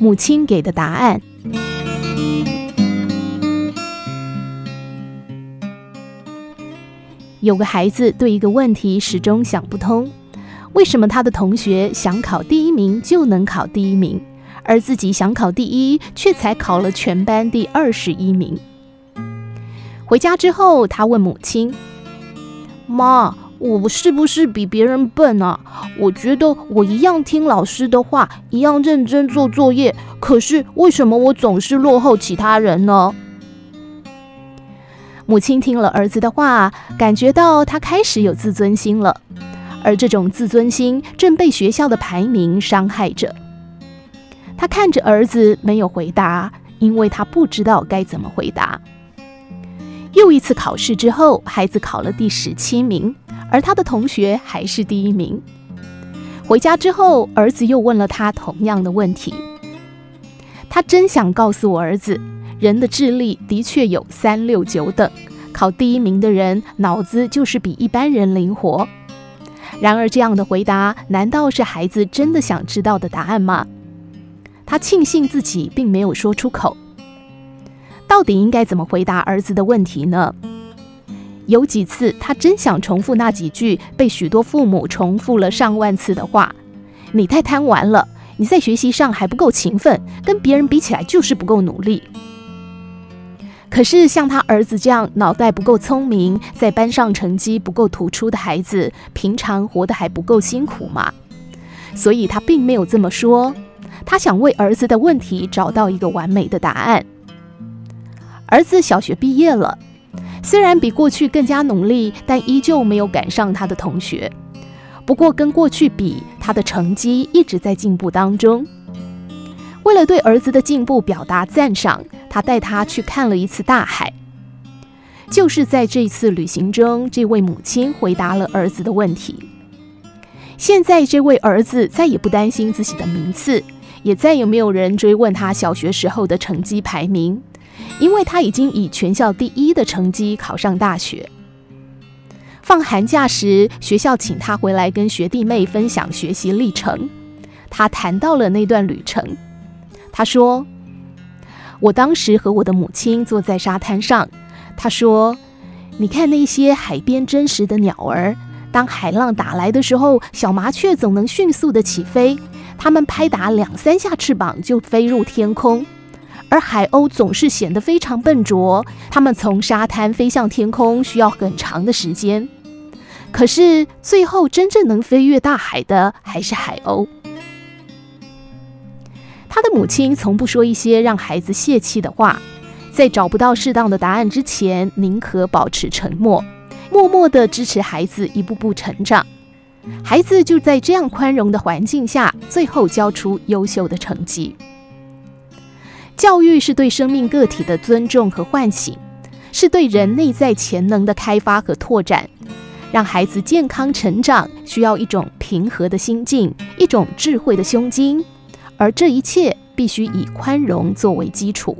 母親給的答案。有個孩子對一個問題始終想不通：為什麼他的同學想考第一名就能考第一名，而自己想考第一卻才考了全班第二十一名？回家之後，他問母親：“媽。”我是不是比別人笨啊？我覺得我一樣聽老師的話，一樣認真做作業，可是為什麼我總是落後其他人呢？母親聽了兒子的話，感覺到他開始有自尊心了，而這種自尊心正被學校的排名傷害着。他看着兒子，沒有回答，因為他不知道該怎麼回答。又一次考試之後，孩子考了第十七名。而他的同學還是第一名。回家之後，兒子又問了他同樣的問題。他真想告訴我兒子，人的智力的確有三六九等，考第一名的人腦子就是比一般人靈活。然而，這樣的回答難道是孩子真的想知道的答案嗎？他慶幸自己並沒有說出口。到底應該怎麼回答兒子的問題呢？有幾次，他真想重複那幾句被許多父母重複了上萬次的話：“你太貪玩了，你在學習上還不夠勤奮，跟別人比起來就是不夠努力。”可是，像他兒子這樣腦袋不夠聰明，在班上成績不夠突出的孩子，平常活得還不夠辛苦嗎？所以他並沒有這麼說。他想為兒子的問題找到一個完美的答案。兒子小學畢業了。雖然比過去更加努力，但依舊沒有趕上他的同學。不過跟過去比，他的成績一直在進步當中。為了對兒子的進步表達讚賞，他帶他去看了一次大海。就是在這次旅行中，這位母親回答了兒子的問題。現在這位兒子再也不擔心自己的名次，也再也沒有人追問他小學時候的成績排名。因為他已經以全校第一的成績考上大學。放寒假時，學校請他回來跟學弟妹分享學習歷程。他談到了那段旅程。他說：“我當時和我的母親坐在沙灘上。他說：‘你看那些海邊爭食的鳥兒，當海浪打來的時候，小麻雀總能迅速地起飛。它們拍打兩三下翅膀就飛入天空。’”而海鷗總是顯得非常笨拙，它們從沙灘飛向天空需要很長的時間。可是最後真正能飛越大海的還是海鷗。他的母親從不說一些讓孩子泄氣的話，在找不到適當的答案之前，寧可保持沉默，默默地支持孩子一步步成長。孩子就在這樣寬容的環境下，最後交出優秀的成績。教育是對生命個體的尊重和喚醒，是對人內在潛能的開發和拓展。讓孩子健康成長，需要一種平和的心境，一種智慧的胸襟，而這一切必須以寬容作為基礎。